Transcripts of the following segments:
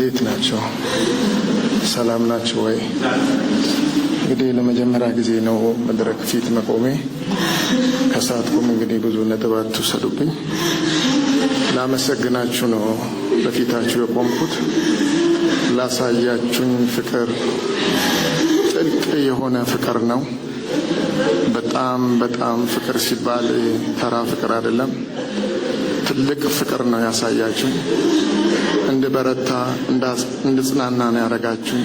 እንዴት ናቸው? ሰላም ናቸው ወይ? እንግዲህ ለመጀመሪያ ጊዜ ነው መድረክ ፊት መቆሜ። ከሰዓትኩም እንግዲህ ብዙ ነጥብ አትውሰዱብኝ። ላመሰግናችሁ ነው በፊታችሁ የቆምኩት። ላሳያችሁኝ ፍቅር ጥልቅ የሆነ ፍቅር ነው። በጣም በጣም ፍቅር ሲባል ተራ ፍቅር አይደለም። ትልቅ ፍቅር ነው ያሳያችሁ። እንድበረታ እንድጽናና ነው ያደረጋችሁ።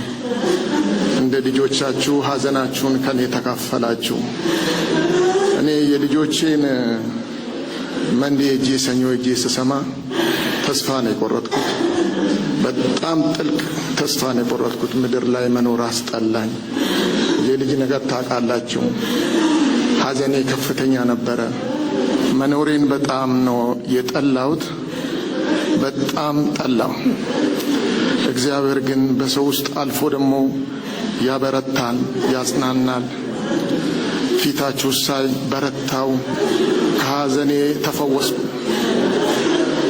እንደ ልጆቻችሁ ሀዘናችሁን ከኔ ተካፈላችሁ። እኔ የልጆቼን መንዴ እጄ ሰኞ እጄ ስሰማ ተስፋ ነው የቆረጥኩት። በጣም ጥልቅ ተስፋ ነው የቆረጥኩት። ምድር ላይ መኖር አስጠላኝ። የልጅ ነገር ታውቃላችሁ። ሀዘኔ ከፍተኛ ነበረ። መኖሬን በጣም ነው የጠላሁት። በጣም ጠላሁ። እግዚአብሔር ግን በሰው ውስጥ አልፎ ደግሞ ያበረታል፣ ያጽናናል። ፊታችሁ ሳይ በረታው፣ ከሐዘኔ ተፈወስኩ።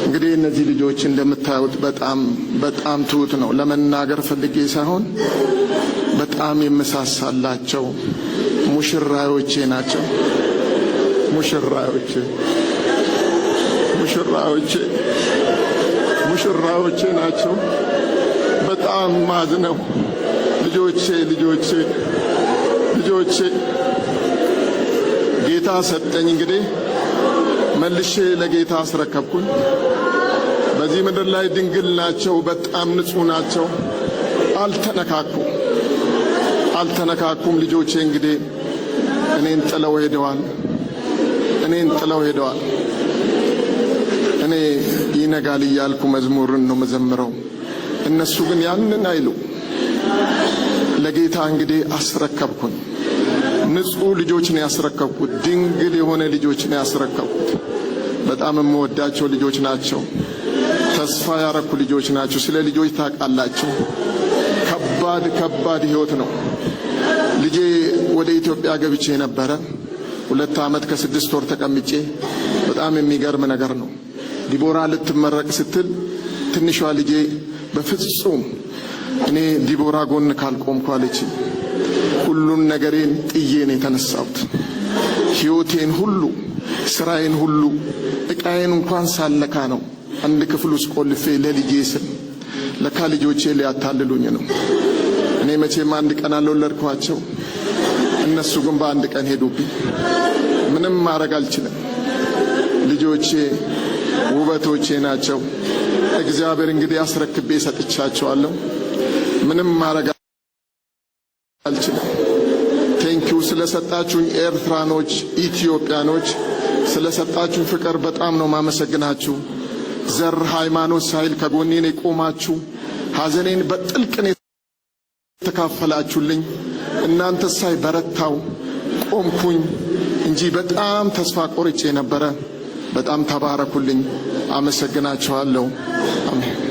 እንግዲህ እነዚህ ልጆች እንደምታዩት በጣም በጣም ትሁት ነው። ለመናገር ፈልጌ ሳይሆን በጣም የምሳሳላቸው ሙሽራዮቼ ናቸው። ሙሽራዎቼ ሙሽራዎቼ ሙሽራዎቼ ናቸው። በጣም ማዝነው ልጆቼ ልጆቼ ልጆቼ ጌታ ሰጠኝ። እንግዲህ መልሼ ለጌታ አስረከብኩኝ። በዚህ ምድር ላይ ድንግል ናቸው። በጣም ንጹህ ናቸው። አልተነካኩም አልተነካኩም። ልጆቼ እንግዲህ እኔን ጥለው ሄደዋል። እኔን ጥለው ሄደዋል። እኔ ይነጋል እያልኩ መዝሙርን ነው መዘምረው፣ እነሱ ግን ያንን አይሉ። ለጌታ እንግዲህ አስረከብኩን። ንጹህ ልጆች ነው ያስረከብኩት። ድንግል የሆነ ልጆች ነው ያስረከብኩት። በጣም የምወዳቸው ልጆች ናቸው። ተስፋ ያረኩ ልጆች ናቸው። ስለ ልጆች ታውቃላችሁ። ከባድ ከባድ ህይወት ነው። ልጄ ወደ ኢትዮጵያ ገብቼ ነበረ። ሁለት ዓመት ከስድስት ወር ተቀምጬ በጣም የሚገርም ነገር ነው። ዲቦራ ልትመረቅ ስትል ትንሿ ልጄ በፍጹም እኔ ዲቦራ ጎን ካልቆምኩ አለችኝ። ሁሉን ነገሬን ጥዬን የተነሳሁት ሕይወቴን ሁሉ ስራዬን ሁሉ እቃዬን እንኳን ሳለካ ነው አንድ ክፍል ውስጥ ቆልፌ ለልጄ ስም ለካ ልጆቼ ሊያታልሉኝ ነው። እኔ መቼም አንድ ቀን አልወለድኳቸው እነሱ ግን በአንድ ቀን ሄዱብኝ። ምንም ማድረግ አልችልም። ልጆቼ ውበቶቼ ናቸው። እግዚአብሔር እንግዲህ አስረክቤ ሰጥቻቸዋለሁ። ምንም ማድረግ አልችልም። ቴንኪው ስለሰጣችሁኝ ኤርትራኖች፣ ኢትዮጵያኖች ስለሰጣችሁኝ ፍቅር በጣም ነው ማመሰግናችሁ። ዘር ሃይማኖት ሳይል ከጎኔን የቆማችሁ ሀዘኔን በጥልቅን የተካፈላችሁልኝ እናንተ ሳይ በረታው ቆምኩኝ እንጂ በጣም ተስፋ ቆርጬ ነበረ። በጣም ተባረኩልኝ። አመሰግናችኋለሁ። አሜን።